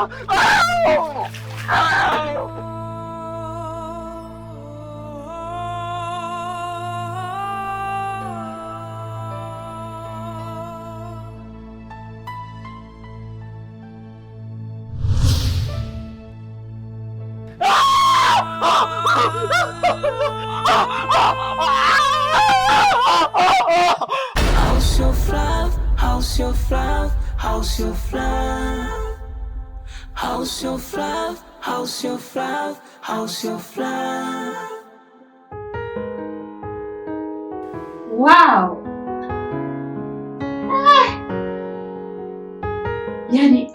Oh! your flower? House your flower? House your flower? house your fluff? house your fluff? house your fluff? Wow! Ah. Yaani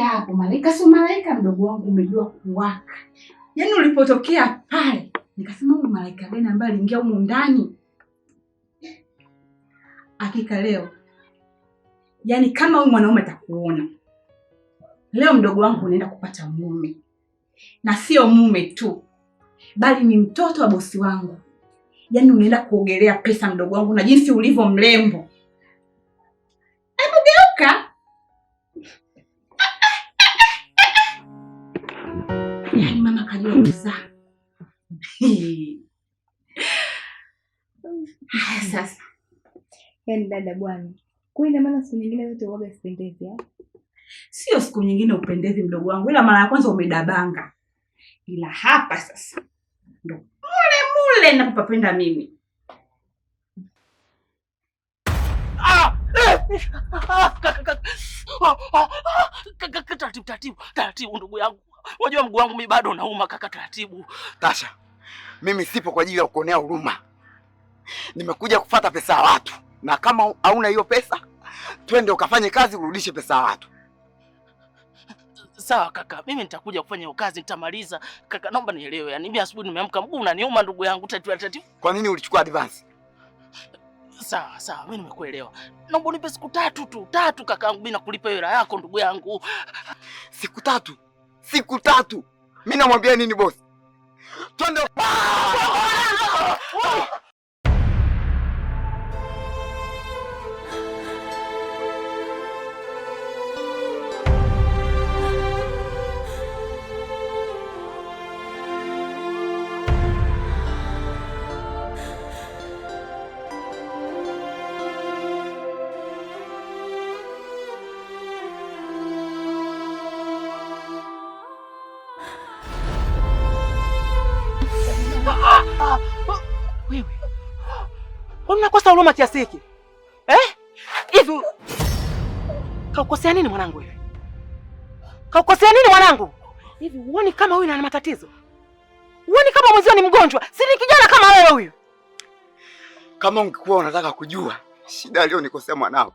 hapo malaika sio malaika, mdogo wangu, umejua kuwaka. Yaani ulipotokea pale nikasema huyu malaika gani ambaye aliingia humu ndani? Hakika leo yaani kama huyu mwanaume atakuona Leo mdogo wangu unaenda kupata mume, na sio mume tu, bali ni mtoto wa bosi wangu. Yaani unaenda kuogelea pesa, mdogo wangu, na jinsi ulivyo mrembo. Hebu geuka. Yaani mama kajua kuzaa. Haya sasa, yaani dada bwana, kwa ina maana siku nyingine yote uoga sipendezi eh? Sio siku nyingine upendezi, mdogo wangu, ila mara ya kwanza umedabanga, ila hapa sasa ndo mule mule napopapenda mimi. Taratibu, taratibu, taratibu ndugu yangu, wajua mguu wangu mi bado unauma kaka. Taratibu Tasha, mimi sipo kwa ajili ya kuonea huruma, nimekuja kufata pesa ya watu, na kama hauna hiyo pesa, twende ukafanye kazi urudishe pesa ya watu. Sawa kaka, mimi nitakuja kufanya hiyo kazi, nitamaliza. Kaka, naomba nielewe, yani mimi asubuhi nimeamka, mguu unaniuma ndugu yangu, tatua tatiwa. Kwa nini ulichukua advance? Sawa sawa, mimi nimekuelewa. Naomba unipe siku tatu tu, tatu kakaangu, mimi nakulipa hela yako ndugu yangu. Siku tatu, siku tatu. Mimi namwambia nini boss? Twende. huruma kiasi hiki eh? hivi Kaukosea nini mwanangu Wewe Kaukosea nini mwanangu hivi? Huoni kama huyu ana matatizo? Huoni kama mwenzio ni mgonjwa? Si ni kijana kama wewe huyu. Kama ungekuwa unataka kujua shida aliyonikosea mwanao,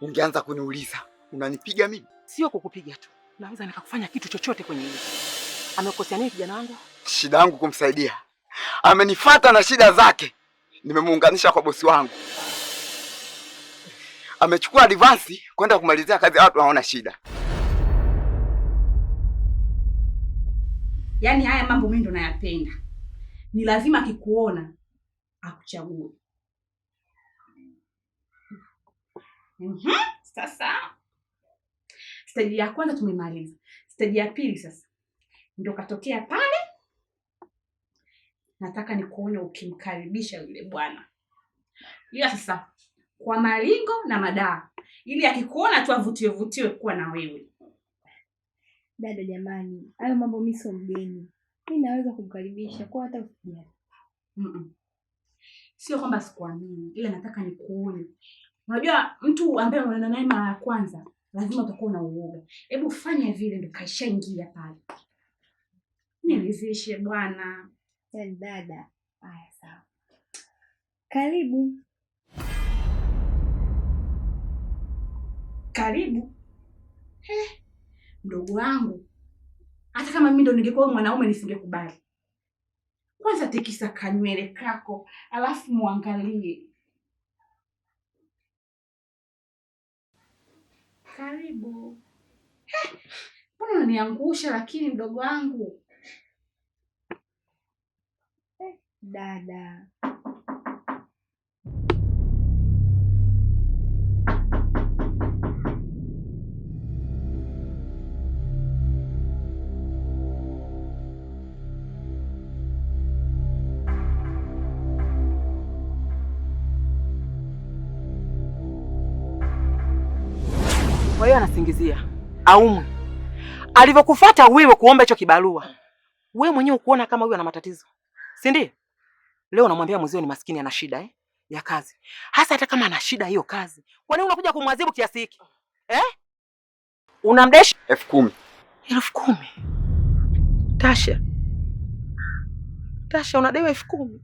ungeanza kuniuliza. Unanipiga mimi? Sio kukupiga tu, naweza nikakufanya kitu chochote kwenye hili. Amekosea nini kijana wangu? Shida yangu kumsaidia, amenifuata na shida zake nimemuunganisha kwa bosi wangu, amechukua advance kwenda kumalizia kazi, watu waona shida. Yaani haya mambo mimi ndo nayapenda, ni lazima akikuona akuchague. Mm-hmm. Sasa stage ya kwanza tumemaliza, stage ya pili sasa ndo katokea pale nataka nikuone ukimkaribisha yule bwana, ila sasa kwa malingo na madaa, ili akikuona tu avutiwe vutiwe kuwa na wewe. Dada jamani, hayo mambo mimi sio mgeni, mi naweza kumkaribisha kwa hata usijali. mm -mm. Sio kwamba sikuamini, ila nataka nikuone. Unajua mtu ambaye unaona naye mara ya kwanza lazima utakuwa na uoga. Hebu fanya vile, ndo kaishaingia pale, nirizishe bwana. Huyo yaani dada. Haya, sawa, karibu karibu. Eh, mdogo wangu, hata kama mimi ndo ningekuwa mwanaume nisingekubali. Kwanza tikisa kanywele kako, alafu muangalie. Karibu. Eh, mbona unaniangusha lakini mdogo wangu dada Kwa hiyo anasingizia aumwe alivyokufata wewe kuomba hicho kibarua, wewe mwenyewe ukuona kama huyu ana matatizo, si ndio? Leo unamwambia mzee ni maskini ana shida eh? ya kazi. Hasa hata kama ana shida hiyo kazi, kwa nini unakuja kumwadhibu kiasi hiki? Eh? Unamdesha elfu kumi. Elfu kumi. Tasha. Tasha unadaiwa elfu kumi.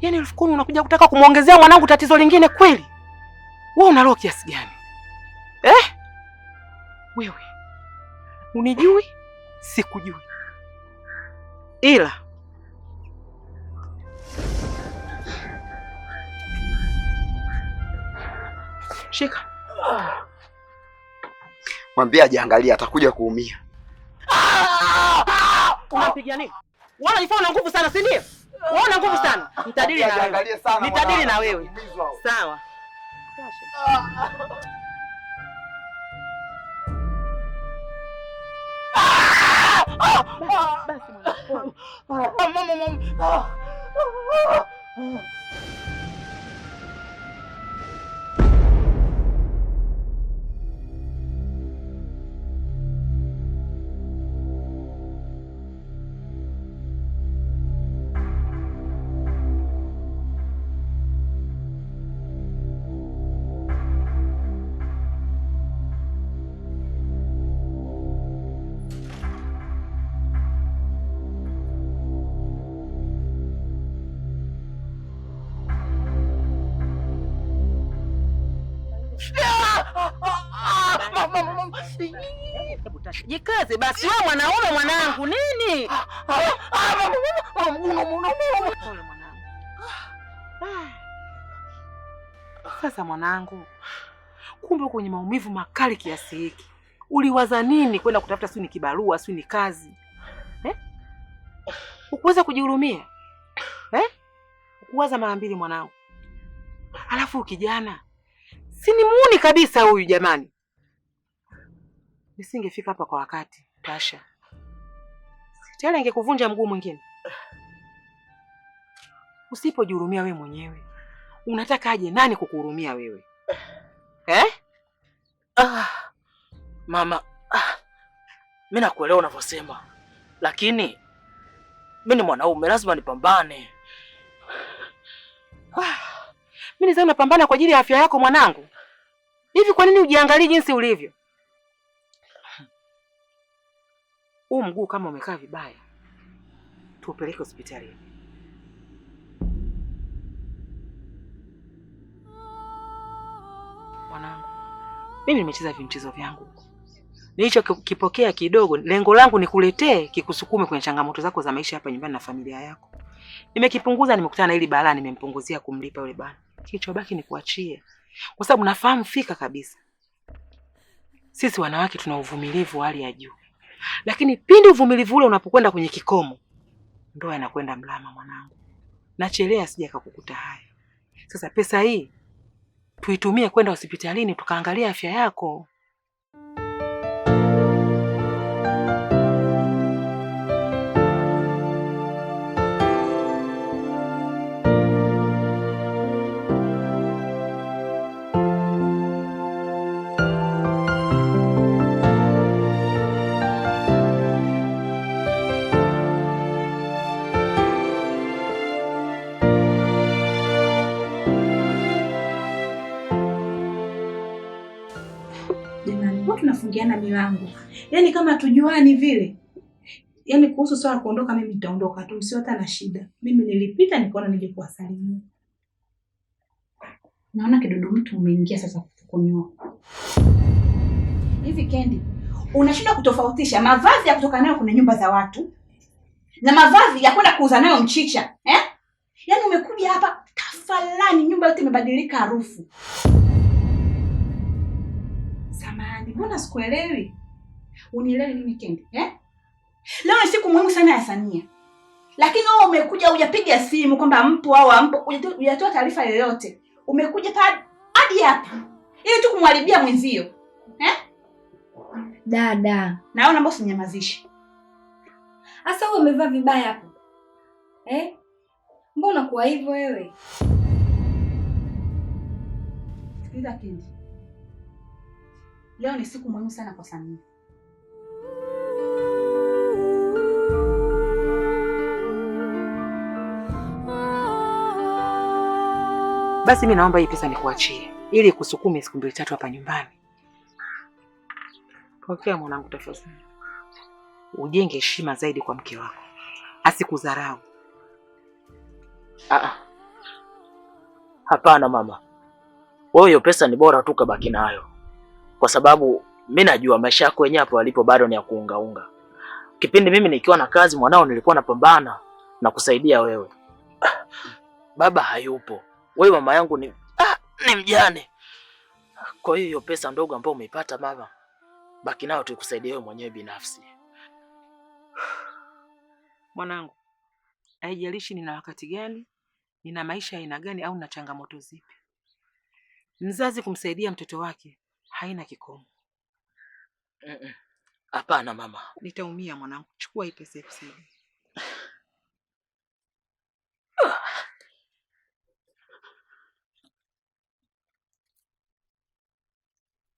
Yaani elfu kumi unakuja kutaka kumwongezea mwanangu tatizo lingine kweli? Wewe una roho kiasi gani? Eh? Wewe. Unijui? Sikujui. Ila Shika. Mwambie ajiangalia atakuja kuumia. Unapiga nini? Wanaifaa una nguvu sana, si ndio? Una nguvu sana. Nitadili na wewe. Nitadili na wewe. Sawa. Basi basi, basi, basi Jikaze basi wewe mwanaume mwanangu nini? Sasa mwanangu, kumbe kwenye maumivu makali kiasi hiki uliwaza nini kwenda kutafuta si ni kibarua si ni kazi eh? Ukuweza kujihurumia eh? Ukuwaza mara mbili mwanangu, alafu ukijana Sinimuoni kabisa huyu jamani. Nisingefika hapa kwa wakati, Tasha. Tena angekuvunja mguu mwingine. Usipojihurumia wewe mwenyewe, unataka aje nani kukuhurumia wewe? Eh? Ah, mama, ah, mi nakuelewa unavyosema, lakini mi ni mwanaume, lazima nipambane. Ah. Mimi sasa napambana kwa ajili ya afya yako mwanangu. Hivi kwa nini ujiangalie jinsi ulivyo? Huu mguu kama umekaa vibaya, tuupeleke hospitali. Mwanangu, mimi nimecheza vimchezo vyangu kipokea kidogo. Lengo langu nikuletee kikusukume kwenye changamoto zako za maisha hapa nyumbani na familia yako. Nimekipunguza, nimekutana na hili balaa, nimempunguzia kumlipa yule bana kilichobaki ni kuachie, kwa sababu nafahamu fika kabisa sisi wanawake tuna uvumilivu wa hali ya juu, lakini pindi uvumilivu ule unapokwenda kwenye kikomo, ndoa inakwenda mlama. Mwanangu, nachelea sija kakukuta haya. Sasa pesa hii tuitumie kwenda hospitalini tukaangalia afya yako. tulikuwa tunafungiana milango, yaani kama tujuani vile. Yaani kuhusu swala kuondoka, mimi nitaondoka tu, sio hata na shida. Mimi nilipita nikaona nije kuwasalimia. Naona kidodo mtu umeingia sasa kufukunyoa hivi. Kendi, unashindwa kutofautisha mavazi ya kutoka nayo kuna nyumba za watu na mavazi ya kwenda kuuza nayo mchicha eh? Yaani umekuja hapa kafalani, nyumba yote imebadilika harufu Mbona sikuelewi? Unielewi nini Kendi? Eh? Leo ni siku muhimu sana ya Samia. Lakini wewe umekuja hujapiga simu kwamba mpo au ampo, hujatoa taarifa yoyote. Umekuja hadi hapa ili tu kumharibia mwenzio. Eh? Dada, naona mbona usinyamazishi. Asa wewe umevaa vibaya hapo. Eh? Mbona kuwa hivyo wewe? Sikiliza Kendi leo ni siku muhimu sana kwa Samia. Basi mi naomba hii pesa nikuachie ili kusukume siku mbili tatu hapa nyumbani. Pokea mwanangu, tafadhali ujenge heshima zaidi kwa mke wako, asikudharau. Ah, hapana mama, wewe hiyo pesa ni bora tu kabaki nayo kwa sababu mi najua maisha yako wenyewe hapo walipo bado ni ya kuungaunga. Kipindi mimi nikiwa na kazi, mwanao, nilikuwa napambana na kusaidia wewe. baba hayupo, wewe mama yangu ni, ah, ni mjane. Kwa hiyo hiyo pesa ndogo ambayo umeipata mama, baki nayo tukusaidia wewe mwenyewe binafsi. Mwanangu, haijalishi nina wakati gani, nina maisha aina gani, au na changamoto zipi, mzazi kumsaidia mtoto wake haina kikomo. Hapana mama, nitaumia mwanangu. Chukua hii pesa elfu saba.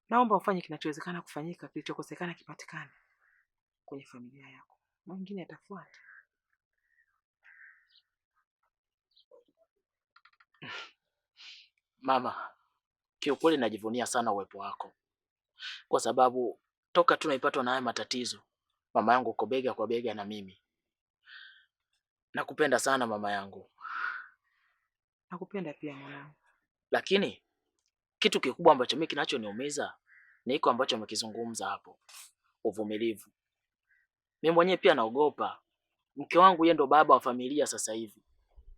Naomba ufanye kinachowezekana kufanyika, kilichokosekana kipatikane kwenye familia yako, mwingine atafuata. Mama, Kiukweli najivunia sana uwepo wako, kwa sababu toka tunaipatwa na haya matatizo, mama yangu uko bega kwa bega na mimi. Nakupenda sana mama yangu. Nakupenda pia mwanangu, lakini kitu kikubwa ambacho mimi kinachoniumiza ni iko ambacho amekizungumza hapo, uvumilivu. Mimi mwenyewe pia naogopa. Mke wangu yeye ndo baba wa familia sasa hivi,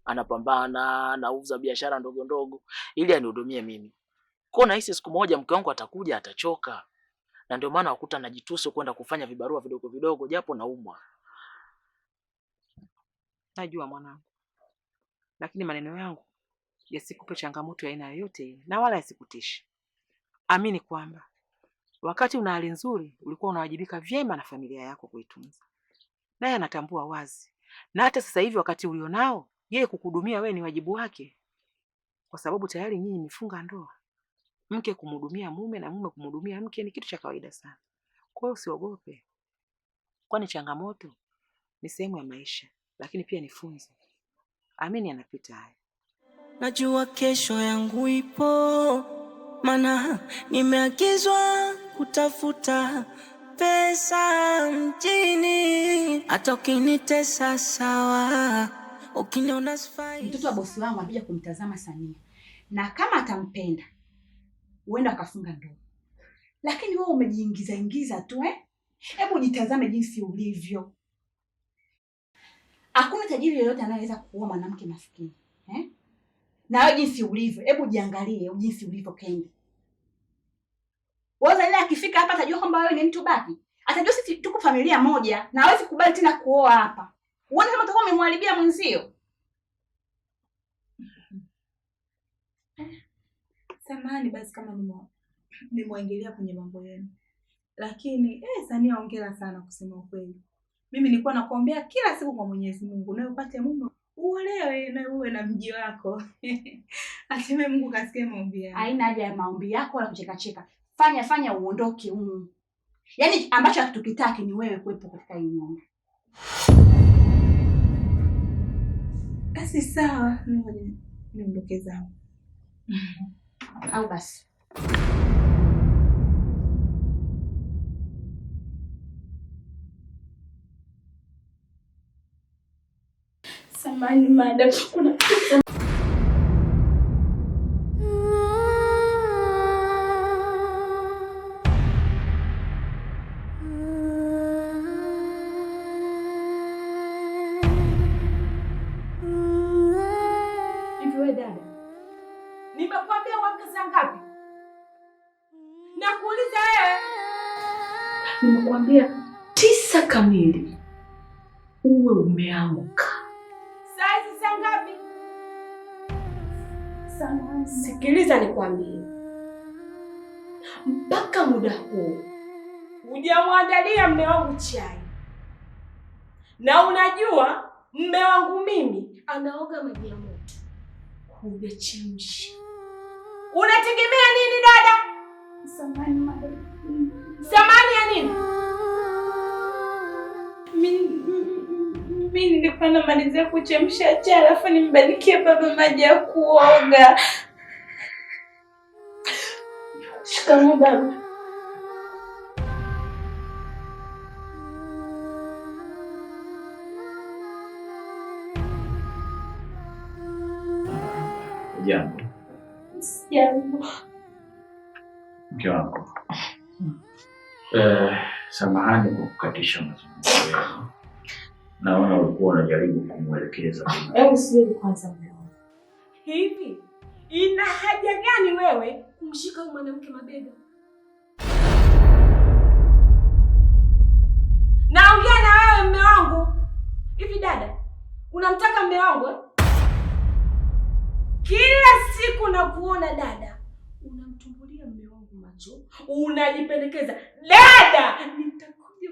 anapambana, anauza biashara ndogo ndogo ili anihudumie mimi kwa nahisi siku moja mke wangu atakuja atachoka. Na ndio maana wakuta najituso kwenda kufanya vibarua vidogo vidogo japo naumwa. Najua mwanangu. Lakini maneno yangu yasikupe changamoto ya aina yoyote na wala yasikutishi. Amini kwamba wakati una hali nzuri ulikuwa unawajibika vyema na familia yako kuitunza. Naye anatambua wazi. Na hata sasa hivi wakati ulionao, yeye kukudumia wewe ni wajibu wake. Kwa sababu tayari nyinyi mmefunga ndoa mke kumhudumia mume na mume kumhudumia mke ni kitu cha kawaida sana. Kwa hiyo usiogope, kwani changamoto ni sehemu ya maisha, lakini pia ni funzo. Amini anapita haya. Najua kesho yangu ipo, maana nimeagizwa kutafuta pesa mjini. Hata ukinitesa sawa, ukiniona sifai. Mtoto wa bosi wangu anakuja kumtazama Samia, na kama atampenda uenda akafunga ndoa, lakini wewe umejiingiza ingiza tu eh? Hebu jitazame jinsi ulivyo. Hakuna tajiri yoyote anayeweza kuoa mwanamke maskini eh? na wewe jinsi ulivyo, hebu jiangalie jinsi ulivyo Kenge. Waza ile akifika hapa atajua kwamba wewe ni mtu baki, atajua sisi tuko familia moja, na hawezi kubali tena kuoa hapa. Uone kama utakuwa umemharibia mwenzio samani basi kama nimwaingilia kwenye mambo yenu, lakini eh, Sania ongera sana kusema ukweli. Mimi nilikuwa nakuombea kila siku kwa Mwenyezi Mungu na upate mume uolewe na uwe na mji wako. Aseme Mungu kasikie maombi yako. Haina haja ya maombi yako wala kucheka cheka. Fanya fanya uondoke huko. Yaani ambacho hatukitaki ni wewe kuwepo katika hii nyumba. Basi sawa, mimi niondoke zangu. au basi samani madam kuna au chai. Na unajua mme wangu mimi anaoga maji ya moto, chemshi. Unategemea nini dada? Samani ya nini? Mimi nilikuwa namalizia kuchemsha chai, alafu nimbadikie baba maji ya kuoga. Shikamoo baba. yangu. Mke wangu, samahani kwa kukatisha mazungumzo yenu. Naona ulikuwa unajaribu kumwelekeza. Hebu subiri kwanza mke wangu. Hivi ina haja gani wewe kumshika huyu mwanamke mabega? Naongea na wewe mme wangu. Hivi dada, unamtaka mme wangu? Eh? Kila siku nakuona dada, unamtumbulia mume wangu macho, unajipendekeza dada, nitakuja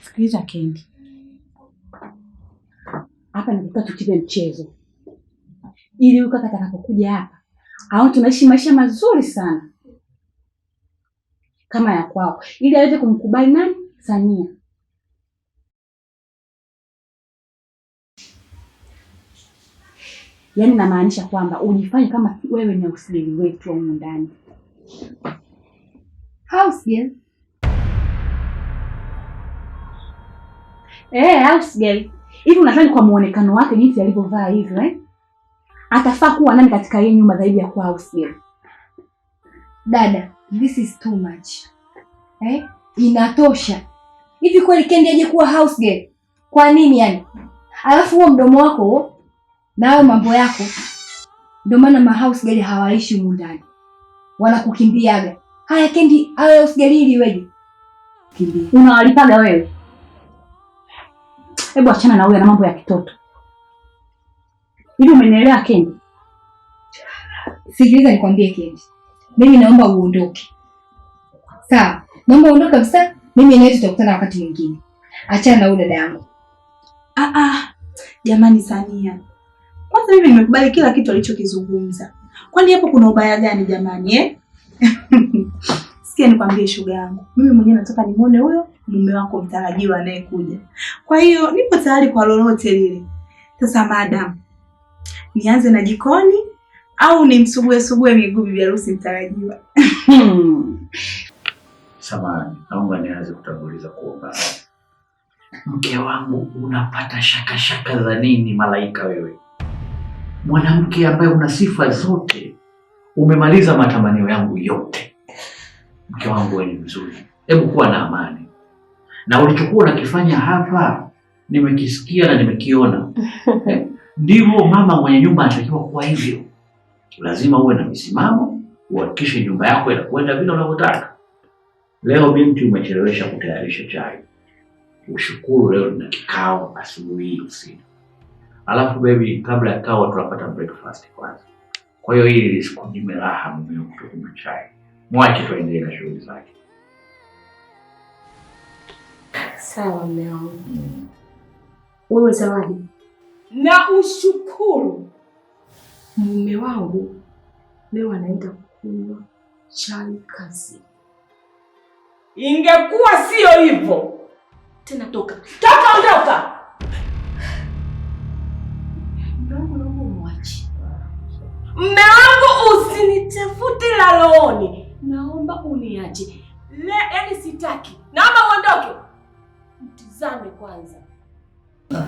sikiliza. Kendi hapa nataka tucheze mchezo, ili ukaka atakapokuja hapa au tunaishi maisha mazuri sana kama ya kwao, ili aweze kumkubali nani Sania Yaani namaanisha kwamba ujifanye kama wewe ni usgeli wetu humu ndani. Housegirl. Eh, housegirl. Hivi unadhani kwa muonekano wake jinsi alivyovaa hivyo eh? Atafaa kuwa nani katika hii nyumba zaidi ya kuwa housegirl? Dada, this is too much. Eh? Inatosha. Hivi kweli Kendi aje kuwa housegirl? Kwa nini yani? Alafu huo mdomo wako na hayo mambo yako. Ndio maana house girl hawaishi humu ndani, wanakukimbiaga. Haya Kendi, hayo house girl ili weje? Kimbia. Unawalipaga wewe? Hebu achana na huyo na mambo ya kitoto. Hivi umenielewa Kendi? Sikiliza nikwambie Kendi. Mimi naomba uondoke. Sawa. Naomba uondoke kabisa. Mimi naweza tutakutana wakati mwingine. Achana na huyo dada yangu. Ah ah. Jamani Sania. Kwanza mimi nimekubali kila kitu alichokizungumza. Kwani hapo kuna ubaya gani jamani eh? Sikia nikwambie shoga yangu. Mimi mwenyewe nataka nimuone huyo mume wako mtarajiwa anayekuja. Kwa hiyo nipo tayari kwa lolote lile. Sasa madam, nianze na jikoni au nimsugue sugue miguu bibi harusi mtarajiwa? Samahani, naomba nianze kutanguliza kuomba. Mke wangu unapata shaka shaka za nini malaika wewe? mwanamke ambaye una sifa zote, umemaliza matamanio yangu yote. Mke wangu ni mzuri, hebu kuwa na amani na ulichokuwa unakifanya hapa nimekisikia na nimekiona. Eh, ndivyo mama mwenye nyumba anatakiwa kuwa hivyo. Lazima uwe na misimamo, uhakikishe nyumba yako inakwenda vile unavyotaka. Leo binti, umechelewesha kutayarisha chai. Ushukuru leo nina kikao asubuhi usiku Alafu baby, kabla ya kawa tunapata breakfast kwanza. Kwa hiyo hili lisikunyime raha mume kutokunywa chai. Mwache tuendelee na shughuli zake. Sawa mume wangu. Mm. Wewe Zawadi, na ushukuru mume wangu leo anaenda kunywa chai kazi. Ingekuwa sio hivyo tena, toka toka, ondoka Mme wangu usinitafute looni naomba uniache. Yaani sitaki, naomba uondoke. Mtizame kwanza. Ah,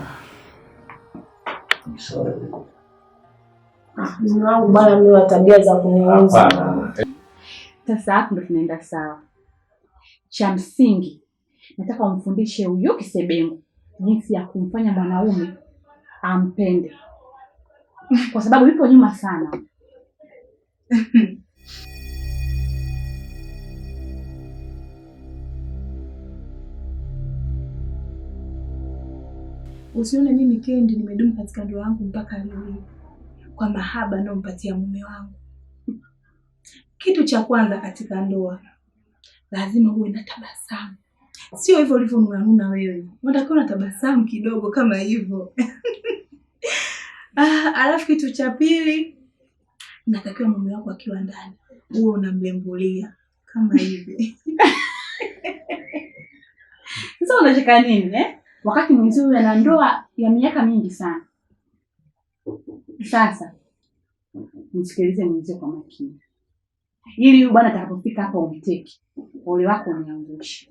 ah, Mme wangu bwana, mi wa tabia za kuniuza. Sasa hapo ndo tunaenda sawa. Cha msingi nataka umfundishe huyo kisebengu jinsi ya kumfanya mwanaume ampende kwa sababu yupo nyuma sana. Usione mimi Kendi nimedumu katika ndoa yangu mpaka leo kwa mahaba anayompatia mume wangu. Kitu cha kwanza katika ndoa lazima uwe na tabasamu, sio hivyo ulivyonunanuna wewe. Unatakiwa na tabasamu kidogo kama hivyo Ah, alafu kitu cha pili natakiwa mume wako akiwa ndani huo unamlembulia kama hivi. Sasa unacheka nini eh? Wakati mwenzio ana ndoa ya miaka mingi sana. Sasa msikilize mwenzio kwa makini, ili huyu bwana atakapofika hapa umteki ole wako umeangusha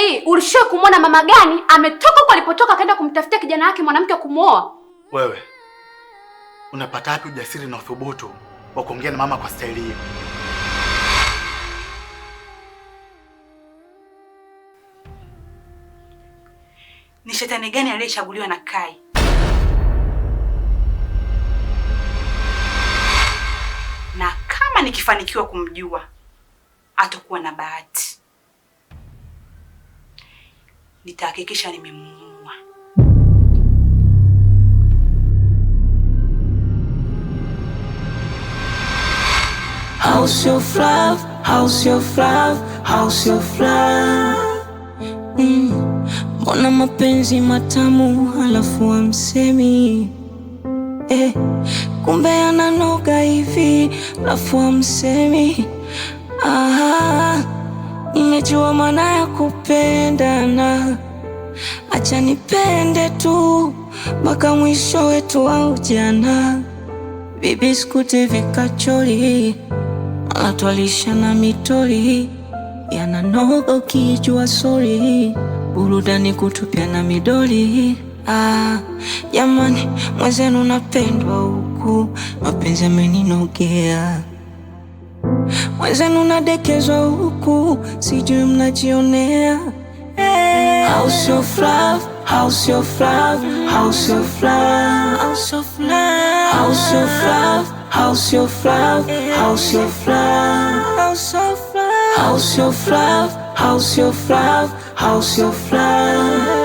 hii ulishawahi kumwona mama gani ametoka huko alipotoka akaenda kumtafutia kijana wake mwanamke kumwoa? Wewe unapata wapi ujasiri na uthubutu wa kuongea na mama kwa staili hiyo? Ni shetani gani aliyechaguliwa na Kai? Na kama nikifanikiwa kumjua, atakuwa na bahati nitahakikisha nimemuua. House of Love, House of Love, House of Love. Mm. Mbona mapenzi matamu halafu amsemi eh, kumbe ananoga hivi halafu amsemi ah. Nimejua maana ya kupendana, acha nipende tu mpaka mwisho wetu wa ujana. Bibi sikute vikachori, anatwalisha na mitori yananoga, ukijua sori, burudani kutupia na midori. Ah, jamani, mwenzenu napendwa huku, mapenzi ameninogea mwenzenu nadekezwa huku, sijui mnajionea eh, House of love, house of love, house of love,